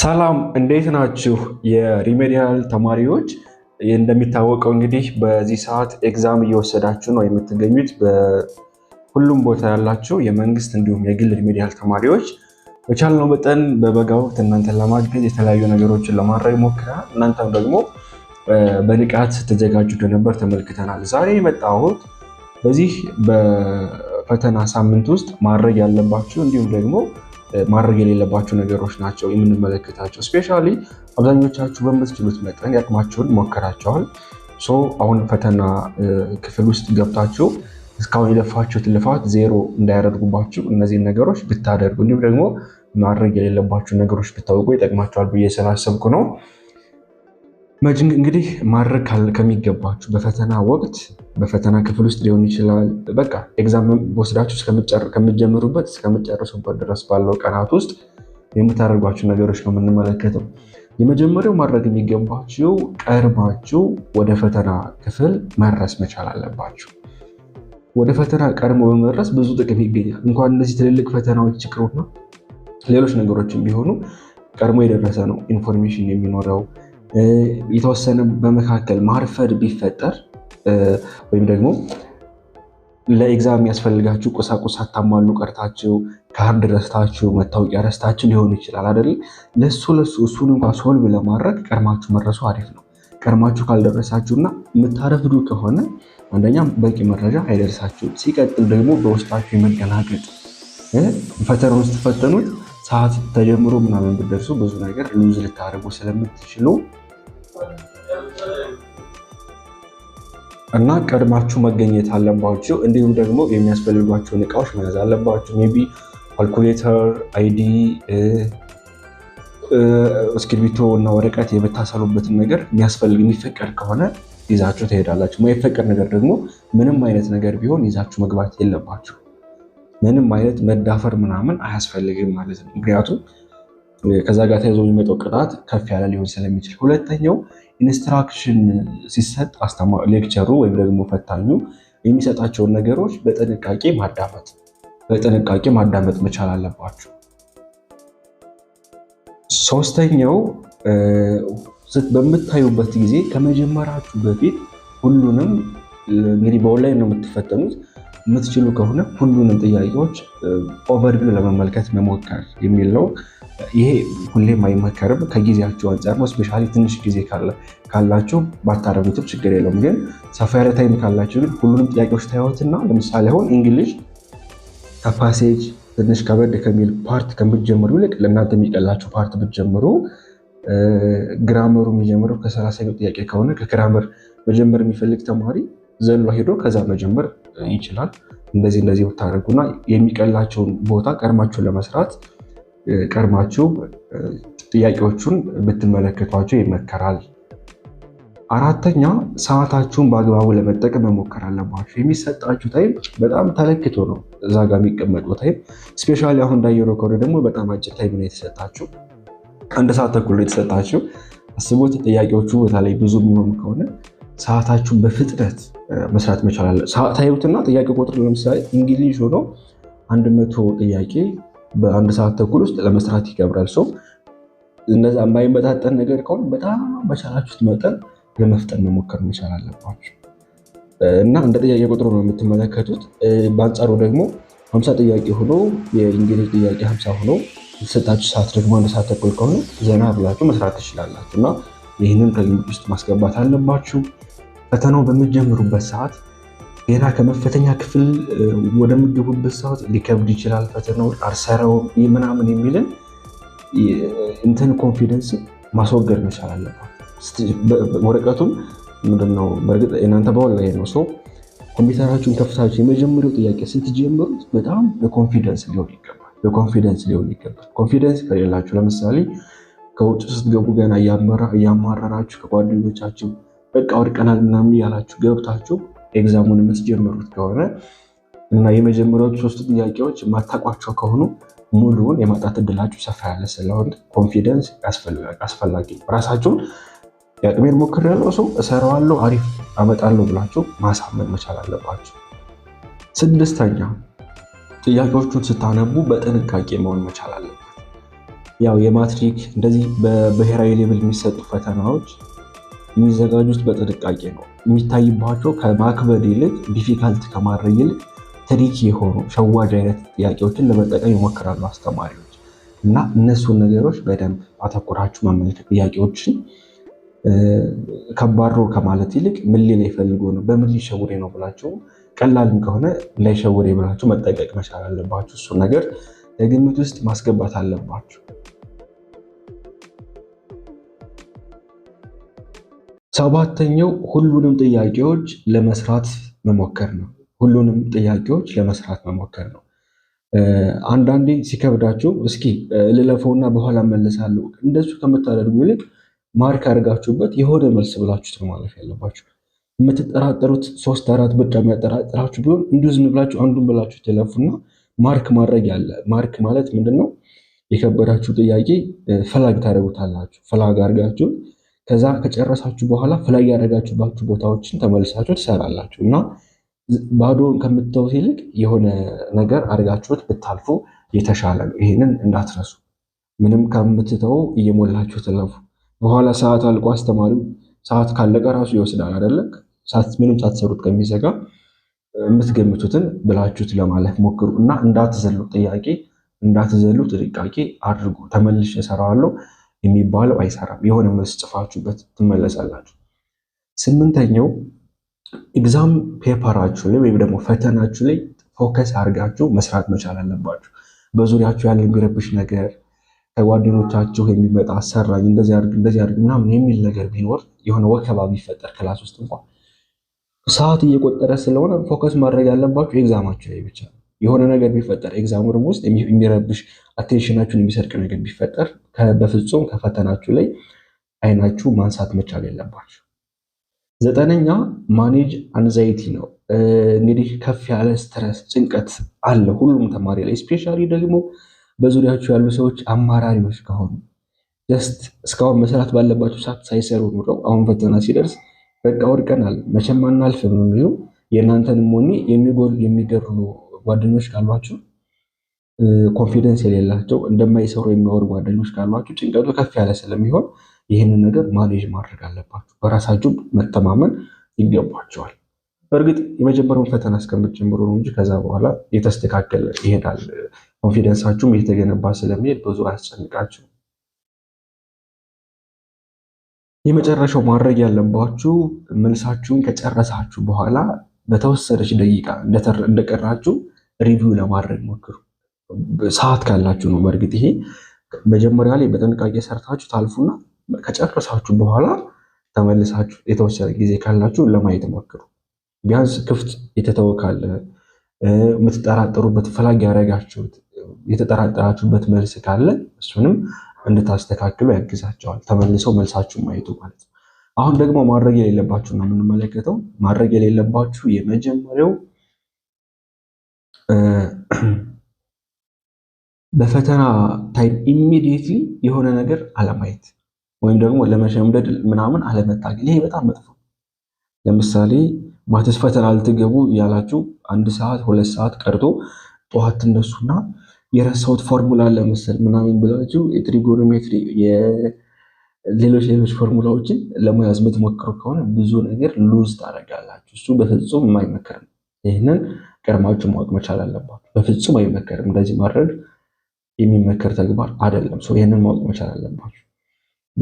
ሰላም እንዴት ናችሁ? የሪሜዲያል ተማሪዎች እንደሚታወቀው እንግዲህ በዚህ ሰዓት ኤግዛም እየወሰዳችሁ ነው የምትገኙት። በሁሉም ቦታ ያላችሁ የመንግስት እንዲሁም የግል ሪሜዲያል ተማሪዎች በቻልነው መጠን በበጋ ወቅት እናንተን ለማገዝ የተለያዩ ነገሮችን ለማድረግ ሞክረናል። እናንተም ደግሞ በንቃት ስትዘጋጁ እንደነበር ተመልክተናል። ዛሬ የመጣሁት በዚህ በፈተና ሳምንት ውስጥ ማድረግ ያለባችሁ እንዲሁም ደግሞ ማድረግ የሌለባቸው ነገሮች ናቸው የምንመለከታቸው። ስፔሻሊ አብዛኞቻችሁ በምትችሉት መጠን ያቅማችሁን ሞከራችኋል። አሁን ፈተና ክፍል ውስጥ ገብታችሁ እስካሁን የለፋችሁት ልፋት ዜሮ እንዳያደርጉባችሁ እነዚህን ነገሮች ብታደርጉ እንዲሁም ደግሞ ማድረግ የሌለባችሁ ነገሮች ብታውቁ ይጠቅማቸዋል ብዬ ስላሰብኩ ነው። እንግዲህ ማድረግ ከሚገባችሁ በፈተና ወቅት በፈተና ክፍል ውስጥ ሊሆን ይችላል። በቃ ኤግዛም ወስዳችሁ ከምትጀምሩበት እስከምትጨርሱበት ድረስ ባለው ቀናት ውስጥ የምታደርጓቸው ነገሮች ነው የምንመለከተው። የመጀመሪያው ማድረግ የሚገባችሁ ቀድማችሁ ወደ ፈተና ክፍል መድረስ መቻል አለባችሁ። ወደ ፈተና ቀድሞ በመድረስ ብዙ ጥቅም ይገኛል። እንኳን እነዚህ ትልልቅ ፈተናዎች ይቅሩና ሌሎች ነገሮችም ቢሆኑ ቀድሞ የደረሰ ነው ኢንፎርሜሽን የሚኖረው የተወሰነ በመካከል ማርፈድ ቢፈጠር ወይም ደግሞ ለኤግዛም የሚያስፈልጋችሁ ቁሳቁስ ሳታሟሉ ቀርታችሁ ካርድ ረስታችሁ መታወቂያ ረስታችሁ ሊሆን ይችላል አይደል? ለሱ ለሱ እሱን እንኳ ሶልቭ ለማድረግ ቀድማችሁ መድረሱ አሪፍ ነው። ቀድማችሁ ካልደረሳችሁ እና የምታረፍዱ ከሆነ አንደኛ በቂ መረጃ አይደርሳችሁ፣ ሲቀጥል ደግሞ በውስጣችሁ የመገላገጥ ፈተናውን ስትፈተኑት ሰዓት ተጀምሮ ምናምን ብደርሱ ብዙ ነገር ሉዝ ልታደርጉ ስለምትችሉ እና ቀድማችሁ መገኘት አለባችሁ። እንዲሁም ደግሞ የሚያስፈልጓቸውን እቃዎች መያዝ አለባችሁ። ሜይ ቢ ካልኩሌተር፣ አይዲ፣ እስክሪብቶ እና ወረቀት የምታሰሉበትን ነገር የሚያስፈልግ የሚፈቀድ ከሆነ ይዛችሁ ትሄዳላችሁ። የማይፈቀድ ነገር ደግሞ ምንም አይነት ነገር ቢሆን ይዛችሁ መግባት የለባችሁ። ምንም አይነት መዳፈር ምናምን አያስፈልግም ማለት ነው ምክንያቱም ከዛ ጋር ተይዞ የሚመጣው ቅጣት ከፍ ያለ ሊሆን ስለሚችል፣ ሁለተኛው ኢንስትራክሽን ሲሰጥ ሌክቸሩ ወይም ደግሞ ፈታኙ የሚሰጣቸውን ነገሮች በጥንቃቄ ማዳመጥ በጥንቃቄ ማዳመጥ መቻል አለባቸው። ሶስተኛው በምታዩበት ጊዜ ከመጀመራችሁ በፊት ሁሉንም እንግዲህ በኦንላይን ነው የምትፈተኑት የምትችሉ ከሆነ ሁሉንም ጥያቄዎች ኦቨርቪው ለመመልከት መሞከር የሚል ነው። ይሄ ሁሌም አይመከርም፣ ከጊዜያቸው አንጻር ነው። ስፔሻሊ ትንሽ ጊዜ ካላችሁ ባታረጉትም ችግር የለውም ግን ሰፋ ያለ ታይም ካላችሁ ግን ሁሉንም ጥያቄዎች ታዩትና ለምሳሌ አሁን እንግሊሽ ከፓሴጅ ትንሽ ከበድ ከሚል ፓርት ከምትጀምሩ ይልቅ ለእናንተ የሚቀላችሁ ፓርት ብትጀምሩ ግራመሩ የሚጀምረው ከሰላሳ ጥያቄ ከሆነ ከግራመር መጀመር የሚፈልግ ተማሪ ዘሎ ሄዶ ከዛ መጀመር ይችላል። እንደዚህ እንደዚህ ብታደርጉና የሚቀላቸውን ቦታ ቀድማችሁ ለመስራት ቀድማችሁ ጥያቄዎቹን ብትመለከቷቸው ይመከራል። አራተኛ ሰዓታችሁን በአግባቡ ለመጠቀም መሞከር አለባችሁ። የሚሰጣችሁ ታይም በጣም ተለክቶ ነው እዛ ጋር የሚቀመጡ ታይም። ስፔሻሊ አሁን እንዳየነው ከሆነ ደግሞ በጣም አጭር ታይም ነው የተሰጣችሁ። አንድ ሰዓት ተኩል ነው የተሰጣችሁ። አስቦት ጥያቄዎቹ በተለይ ብዙ የሚሆኑ ከሆነ ሰዓታችሁን በፍጥነት መስራት መቻል አለ። ታዩትና ጥያቄ ቁጥር ለምሳሌ እንግሊዝ ሆኖ አንድ መቶ ጥያቄ በአንድ ሰዓት ተኩል ውስጥ ለመስራት ይገብራል። ሰው እነዛ የማይመጣጠን ነገር ከሆነ በጣም በቻላችሁት መጠን ለመፍጠን መሞከር መቻል አለባችሁ እና እንደ ጥያቄ ቁጥሩ ነው የምትመለከቱት። በአንጻሩ ደግሞ ሀምሳ ጥያቄ ሆኖ የእንግሊዝ ጥያቄ ሀምሳ ሆኖ የተሰጣችሁ ሰዓት ደግሞ አንድ ሰዓት ተኩል ከሆነ ዘና ብላችሁ መስራት ትችላላችሁ እና ይህንን ከግምት ውስጥ ማስገባት አለባችሁ። ፈተናው በምትጀምሩበት ሰዓት ገና ከመፈተኛ ክፍል ወደምገቡበት ሰዓት ሊከብድ ይችላል። ፈተናው አልሰራውም ምናምን የሚልን እንትን ኮንፊደንስ ማስወገድ መቻል አለባት። ወረቀቱም ምንድነው በእርግጥ እናንተ ነው ሰው ኮምፒውተራችሁን ከፍታችሁ የመጀመሪያው ጥያቄ ስትጀምሩት በጣም በኮንፊደንስ ሊሆን ይገባል። በኮንፊደንስ ሊሆን ይገባል። ኮንፊደንስ ከሌላችሁ ለምሳሌ ከውጭ ስትገቡ ገና እያማረራችሁ ከጓደኞቻችሁ በቃ ወድቀናል ምናምን እያላችሁ ገብታችሁ ኤግዛሙን የምትጀምሩት ከሆነ እና የመጀመሪያዎቹ ሶስት ጥያቄዎች ማታቋቸው ከሆኑ ሙሉውን የማጣት እድላችሁ ሰፋ ያለ ስለሆነ ኮንፊደንስ አስፈላጊ ነው። ራሳችሁን የአቅሜን ሞክር ያለው ሰው እሰራዋለሁ፣ አሪፍ አመጣለሁ ብላችሁ ማሳመን መቻል አለባችሁ። ስድስተኛ ጥያቄዎቹን ስታነቡ በጥንቃቄ መሆን መቻል አለባችሁ። ያው የማትሪክ እንደዚህ በብሔራዊ ሌብል የሚሰጡ ፈተናዎች የሚዘጋጁት በጥንቃቄ ነው። የሚታይባቸው ከማክበድ ይልቅ ዲፊካልት ከማድረግ ይልቅ ትሪክ የሆኑ ሸዋጅ አይነት ጥያቄዎችን ለመጠቀም ይሞክራሉ አስተማሪዎች እና እነሱን ነገሮች በደንብ አተኩራችሁ መመልከት ጥያቄዎችን ከባድሮ ከማለት ይልቅ ምን ሌላ ይፈልጉ ነው፣ በምን ሊሸውሬ ነው ብላችሁ ቀላልም ከሆነ ላይሸውሬ ብላችሁ መጠቀቅ መቻል አለባችሁ እሱን ነገር ለግምት ውስጥ ማስገባት አለባችሁ። ሰባተኛው ሁሉንም ጥያቄዎች ለመስራት መሞከር ነው። ሁሉንም ጥያቄዎች ለመስራት መሞከር ነው። አንዳንዴ ሲከብዳችሁ እስኪ ልለፈውና በኋላ መለሳለሁ እንደሱ ከምታደርጉ ይልቅ ማርክ አድርጋችሁበት የሆነ መልስ ብላችሁ ትማለፍ ያለባችሁ። የምትጠራጠሩት ሶስት አራት ብቻ የሚያጠራጥራችሁ ቢሆን እንዲሁ ዝም ብላችሁ አንዱን ብላችሁ ትለፉና ማርክ ማድረግ ያለ ማርክ ማለት ምንድን ነው? የከበዳችሁ ጥያቄ ፍላግ ታደርጉታላችሁ። ፍላግ አድርጋችሁ ከዛ ከጨረሳችሁ በኋላ ፍላግ ያደረጋችሁባችሁ ቦታዎችን ተመልሳችሁ ትሰራላችሁ እና ባዶን ከምትተውት ይልቅ የሆነ ነገር አድርጋችሁት ብታልፉ የተሻለ ነው። ይህንን እንዳትረሱ። ምንም ከምትተው እየሞላችሁ ትለፉ። በኋላ ሰዓት አልቆ አስተማሪው ሰዓት ካለቀ ራሱ ይወስዳል አይደለ? ምንም ሳትሰሩት ከሚዘጋ የምትገምቱትን ብላችሁት ለማለፍ ሞክሩ እና እንዳትዘሉ ጥያቄ እንዳትዘሉ ጥንቃቄ አድርጉ። ተመልሼ እሰራዋለሁ የሚባለው አይሰራም። የሆነ መልስ ጽፋችሁበት ትመለሳላችሁ። ስምንተኛው ኤግዛም ፔፐራችሁ ላይ ወይም ደግሞ ፈተናችሁ ላይ ፎከስ አድርጋችሁ መስራት መቻል አለባችሁ። በዙሪያችሁ ያለ የሚረብሽ ነገር ከጓደኞቻችሁ የሚመጣ አሰራኝ እንደዚህ አድርግ ምናምን የሚል ነገር ቢኖር የሆነ ወከባ ቢፈጠር ክላስ ውስጥ እንኳን ሰዓት እየቆጠረ ስለሆነ ፎከስ ማድረግ ያለባችሁ ኤግዛማችሁ ላይ ብቻ። የሆነ ነገር ቢፈጠር ኤግዛም ሩም ውስጥ የሚረብሽ አቴንሽናችሁን የሚሰርቅ ነገር ቢፈጠር በፍጹም ከፈተናችሁ ላይ አይናችሁ ማንሳት መቻል የለባችሁ። ዘጠነኛ ማኔጅ አንዛይቲ ነው። እንግዲህ ከፍ ያለ ስትረስ፣ ጭንቀት አለ ሁሉም ተማሪ ላይ ስፔሻሊ ደግሞ በዙሪያችሁ ያሉ ሰዎች አማራሪዎች ከሆኑ ጀስት እስካሁን መስራት ባለባቸው ሰዓት ሳይሰሩ ኑረው አሁን ፈተና ሲደርስ በቃ ወድቀናል፣ መቼም አናልፍም የሚሉ የእናንተን ሞኒ የሚጎሉ የሚገድሉ ጓደኞች ካሏችሁ፣ ኮንፊደንስ የሌላቸው እንደማይሰሩ የሚያወሩ ጓደኞች ካሏችሁ፣ ጭንቀቱ ከፍ ያለ ስለሚሆን ይህንን ነገር ማኔጅ ማድረግ አለባችሁ። በራሳችሁ መተማመን ይገባቸዋል በእርግጥ የመጀመሪያውን ፈተና እስከምትጀምሩ ነው እንጂ ከዛ በኋላ የተስተካከለ ይሄዳል። ኮንፊደንሳችሁም እየተገነባ ስለሚሄድ ብዙ አያስጨንቃችሁ። የመጨረሻው ማድረግ ያለባችሁ መልሳችሁን ከጨረሳችሁ በኋላ በተወሰነች ደቂቃ እንደቀራችሁ ሪቪው ለማድረግ ሞክሩ። ሰዓት ካላችሁ ነው። በእርግጥ ይሄ መጀመሪያ ላይ በጥንቃቄ ሰርታችሁ ታልፉና ከጨረሳችሁ በኋላ ተመልሳችሁ የተወሰነ ጊዜ ካላችሁ ለማየት ሞክሩ። ቢያንስ ክፍት የተተወ ካለ የምትጠራጠሩበት ፈላጊ ያደረጋችሁት የተጠራጠራችሁበት መልስ ካለ እሱንም እንድታስተካክሉ ያግዛቸዋል። ተመልሰው መልሳችሁ ማየቱ ማለት ነው። አሁን ደግሞ ማድረግ የሌለባችሁ ነው የምንመለከተው። ማድረግ የሌለባችሁ የመጀመሪያው በፈተና ታይም ኢሚዲየትሊ የሆነ ነገር አለማየት ወይም ደግሞ ለመሸምደድ ምናምን አለመታገል፣ ይሄ በጣም መጥፎ። ለምሳሌ ማትስ ፈተና ልትገቡ ያላችሁ አንድ ሰዓት ሁለት ሰዓት ቀርቶ ጠዋት እነሱና የረሳሁት ፎርሙላ አለ መሰል ምናምን ብላችሁ የትሪጎኖሜትሪ ሌሎች ሌሎች ፎርሙላዎችን ለመያዝ የምትሞክሩ ከሆነ ብዙ ነገር ሉዝ ታደርጋላችሁ። እሱ በፍጹም የማይመከር ነው። ይህንን ቀድማችሁ ማወቅ መቻል አለባችሁ። በፍጹም አይመከርም። እንደዚህ ማድረግ የሚመከር ተግባር አይደለም። ሰው ይህንን ማወቅ መቻል አለባችሁ።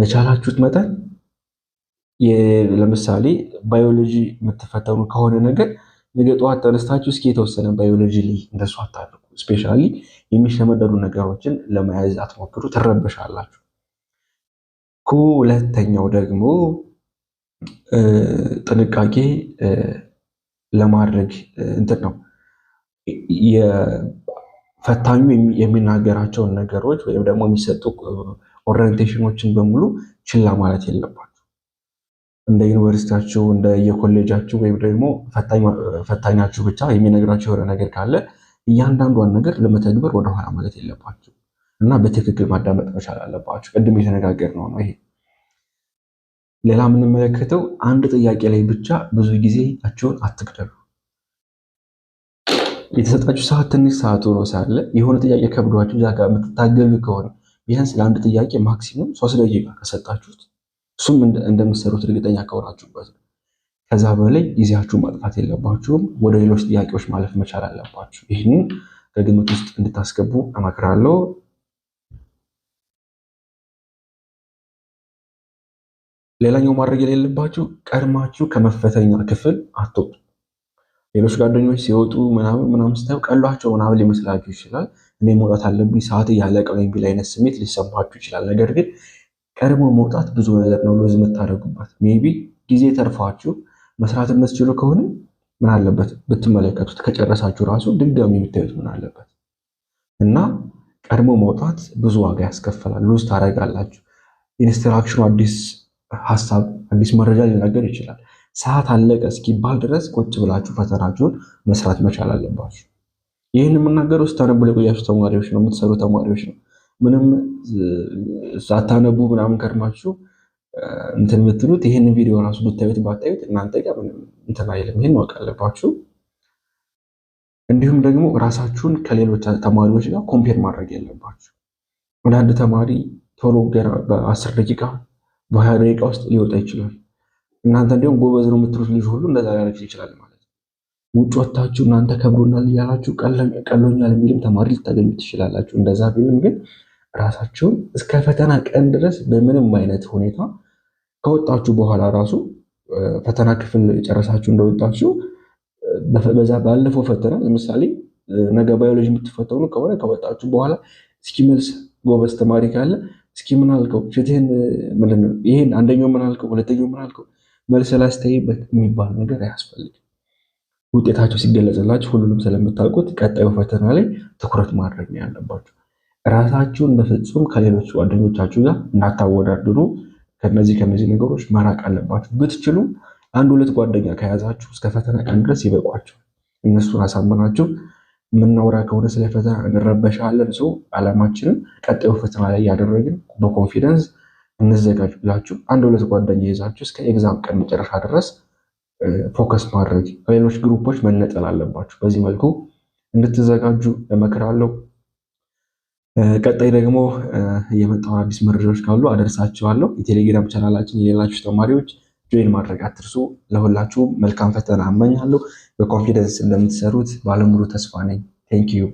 በቻላችሁት መጠን ለምሳሌ ባዮሎጂ የምትፈተኑ ከሆነ ነገር ነገ ጠዋት ተነስታችሁ እስኪ የተወሰነ ባዮሎጂ ላይ እንደሱ አታሉ ስፔሻሊ የሚሸመደዱ ነገሮችን ለመያዝ አትሞክሩ፣ ትረበሻላችሁ። ሁለተኛው ደግሞ ጥንቃቄ ለማድረግ እንትን ነው ፈታኙ የሚናገራቸውን ነገሮች ወይም ደግሞ የሚሰጡ ኦሪንቴሽኖችን በሙሉ ችላ ማለት የለባችሁ። እንደ ዩኒቨርሲቲያችሁ እንደ የኮሌጃችሁ ወይም ደግሞ ፈታኛችሁ ብቻ የሚነግራቸው የሆነ ነገር ካለ እያንዳንዷን ነገር ለመተግበር ወደኋላ ማለት የለባቸው እና በትክክል ማዳመጥ መቻል አለባቸው። ቅድም የተነጋገር ነው ነው ይሄ። ሌላ የምንመለከተው አንድ ጥያቄ ላይ ብቻ ብዙ ጊዜያችሁን አትግደሉ። የተሰጣችሁ ሰዓት ትንሽ ሰዓት ሆኖ ሳለ የሆነ ጥያቄ ከብዷችሁ እዛ ጋር የምትታገሉ ከሆነ ቢያንስ ለአንድ ጥያቄ ማክሲሙም ሶስት ደቂቃ ከሰጣችሁት እሱም እንደምትሰሩት እርግጠኛ ከሆናችሁበት ነው ከዛ በላይ ጊዜያችሁ ማጥፋት የለባችሁም። ወደ ሌሎች ጥያቄዎች ማለፍ መቻል አለባችሁ። ይህንን ከግምት ውስጥ እንድታስገቡ እመክራለሁ። ሌላኛው ማድረግ የሌለባችሁ ቀድማችሁ ከመፈተኛ ክፍል አትወጡ። ሌሎች ጓደኞች ሲወጡ ምናምን ምናምን ስታዩ ቀሏቸው ምናምን ሊመስላችሁ ይችላል። እኔ መውጣት አለብኝ ሰዓት እያለቀ ነው የሚል አይነት ስሜት ሊሰማችሁ ይችላል። ነገር ግን ቀድሞ መውጣት ብዙ ነገር ነው ሎዝ የምታደርጉበት ሜይ ቢ ጊዜ ተርፏችሁ መስራት የምትችሉ ከሆነ ምን አለበት ብትመለከቱት፣ ከጨረሳችሁ ራሱ ድጋሚ የምታዩት ምን አለበት እና ቀድሞ መውጣት ብዙ ዋጋ ያስከፍላል። ሉዝ ታደርጋላችሁ። ኢንስትራክሽኑ አዲስ ሀሳብ፣ አዲስ መረጃ ሊናገር ይችላል። ሰዓት አለቀ እስኪባል ድረስ ቁጭ ብላችሁ ፈተናችሁን መስራት መቻል አለባችሁ። ይህን የምናገረው ስታነቡ ለቆያችሁ ተማሪዎች ነው፣ የምትሰሩ ተማሪዎች ነው። ምንም ሳታነቡ ምናምን ከድማችሁ እንትን ብትሉት ይህን ቪዲዮ ራሱ ብታዩት ባታዩት እናንተ ጋር ምንም እንትን አይልም። ይህን ማወቅ አለባችሁ። እንዲሁም ደግሞ ራሳችሁን ከሌሎች ተማሪዎች ጋር ኮምፔር ማድረግ የለባችሁ። ወደ አንድ ተማሪ ቶሎ ገና በአስር ደቂቃ በሀያ ደቂቃ ውስጥ ሊወጣ ይችላል። እናንተ እንዲሁም ጎበዝ ነው የምትሉት ልጅ ሁሉ እንደዛ ሊያደርግ ይችላል ማለት ነው። ውጭ ወታችሁ እናንተ ከብዶናል እያላችሁ ቀሎኛል የሚልም ተማሪ ልታገኙ ትችላላችሁ። እንደዛ ቢልም ግን ራሳችሁን እስከ ፈተና ቀን ድረስ በምንም አይነት ሁኔታ ከወጣችሁ በኋላ ራሱ ፈተና ክፍል ጨረሳችሁ እንደወጣችሁ ባለፈው ፈተና ለምሳሌ ነገ ባዮሎጂ የምትፈተኑ ከሆነ ከወጣችሁ በኋላ እስኪ መልስ ጎበዝ ተማሪ ካለ እስኪ ምን አልከው ፊትህን ምንድን ነው ይህን አንደኛው ምን አልከው ሁለተኛው ምን አልከው መልስ ላስተይበት የሚባል ነገር አያስፈልግም። ውጤታቸው ሲገለጽላችሁ ሁሉንም ስለምታውቁት ቀጣዩ ፈተና ላይ ትኩረት ማድረግ ነው ያለባችሁ። ራሳችሁን በፍጹም ከሌሎች ጓደኞቻችሁ ጋር እንዳታወዳድሩ። ከነዚህ ከነዚህ ነገሮች መራቅ አለባችሁ። ብትችሉ አንድ ሁለት ጓደኛ ከያዛችሁ እስከ ፈተና ቀን ድረስ ይበቋቸው። እነሱን አሳምናችሁ የምናወራ ከሆነ ስለ ፈተና እንረበሻለን። ሰው ዓላማችንን ቀጣዩ ፈተና ላይ ያደረግን በኮንፊደንስ እንዘጋጅ ብላችሁ አንድ ሁለት ጓደኛ ይዛችሁ እስከ ኤግዛም ቀን መጨረሻ ድረስ ፎከስ ማድረግ ከሌሎች ግሩፖች መነጠል አለባችሁ። በዚህ መልኩ እንድትዘጋጁ እመክራለሁ። ቀጣይ ደግሞ የመጣውን አዲስ መረጃዎች ካሉ አደርሳችኋለሁ። የቴሌግራም ቻናላችን የሌላችሁ ተማሪዎች ጆይን ማድረግ አትርሱ። ለሁላችሁም መልካም ፈተና እመኛለሁ። በኮንፊደንስ እንደምትሰሩት ባለሙሉ ተስፋ ነኝ። ቴንኪዩ